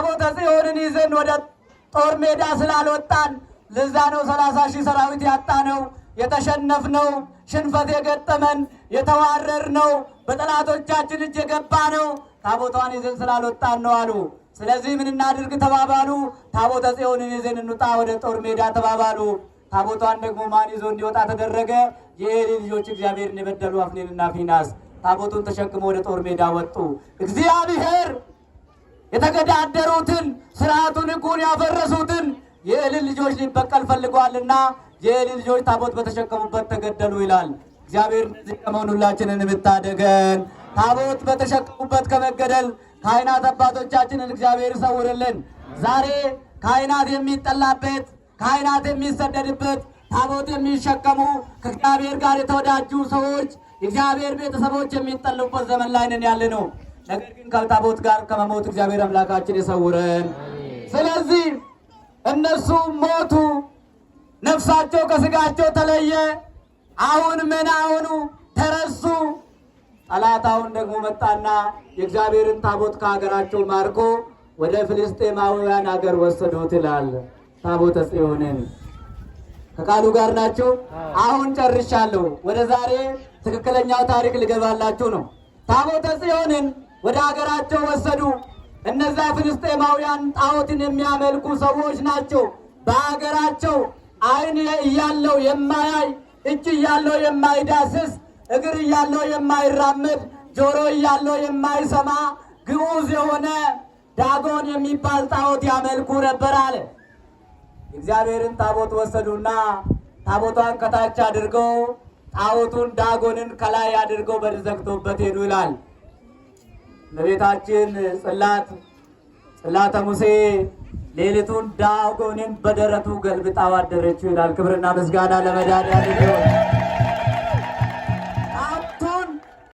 ታቦተ ጽዮንን ይዘን ወደ ጦር ሜዳ ስላልወጣን ለዛ ነው ሰላሳ ሺህ ሰራዊት ያጣ ነው የተሸነፍ ነው ሽንፈት የገጠመን የተዋረር ነው በጠላቶቻችን እጅ የገባ ነው ታቦቷን ይዘን ስላልወጣን ነው አሉ። ስለዚህ ምን እናድርግ ተባባሉ። ታቦተ ጽዮንን ይዘን እንውጣ ወደ ጦር ሜዳ ተባባሉ። ታቦቷን ደግሞ ማን ይዞ እንዲወጣ ተደረገ? የኤሊ ልጆች እግዚአብሔርን የበደሉ አፍኔንና ፊናስ ታቦቱን ተሸክሞ ወደ ጦር ሜዳ ወጡ። እግዚአብሔር የተገዳደሩትን ስርዓቱን ሕጉን ያፈረሱትን የኤሊ ልጆች ሊበቀል ፈልጓልና የኤሊ ልጆች ታቦት በተሸከሙበት ተገደሉ ይላል። እግዚአብሔር እነዚህ ምታደገን ሁላችንን የምታደገን ታቦት በተሸከሙበት ከመገደል ካህናት አባቶቻችንን እግዚአብሔር ይሰውርልን። ዛሬ ካህናት የሚጠላበት ካህናት የሚሰደድበት ታቦት የሚሸከሙ ከእግዚአብሔር ጋር የተወዳጁ ሰዎች እግዚአብሔር ቤተሰቦች የሚጠሉበት ዘመን ላይ ነን ያለ ነው። ነገር ግን ከታቦት ጋር ከመሞት እግዚአብሔር አምላካችን የሰውረን። ስለዚህ እነሱ ሞቱ፣ ነፍሳቸው ከስጋቸው ተለየ። አሁን ምን አሁኑ ተረሱ። ጠላት አሁን ደግሞ መጣና የእግዚአብሔርን ታቦት ከሀገራቸው ማርኮ ወደ ፍልስጤማውያን ሀገር ወሰዶት ይላል። ታቦተ ጽዮንን ከቃሉ ጋር ናቸው። አሁን ጨርሻለሁ። ወደ ዛሬ ትክክለኛው ታሪክ ልገባላችሁ ነው። ታቦተ ጽዮንን ወደ አገራቸው ወሰዱ። እነዛ ፍልስጤማውያን ጣዖትን የሚያመልኩ ሰዎች ናቸው። በአገራቸው ዓይን እያለው የማያይ እጅ እያለው የማይዳስስ እግር እያለው የማይራመድ ጆሮ እያለው የማይሰማ ግዑዝ የሆነ ዳጎን የሚባል ጣዖት ያመልኩ ነበር አለ። እግዚአብሔርን ታቦት ወሰዱና ታቦቷን ከታች አድርገው ጣዖቱን ዳጎንን ከላይ አድርገው በር ዘግቶበት ሄዱ ይላል። እመቤታችን ጽላት ጽላተ ሙሴ ሌሊቱን ዳጎንን በደረቱ ገልብጣ አደረችው ይላል። ክብርና ምስጋና ለመድኃኒዓለም።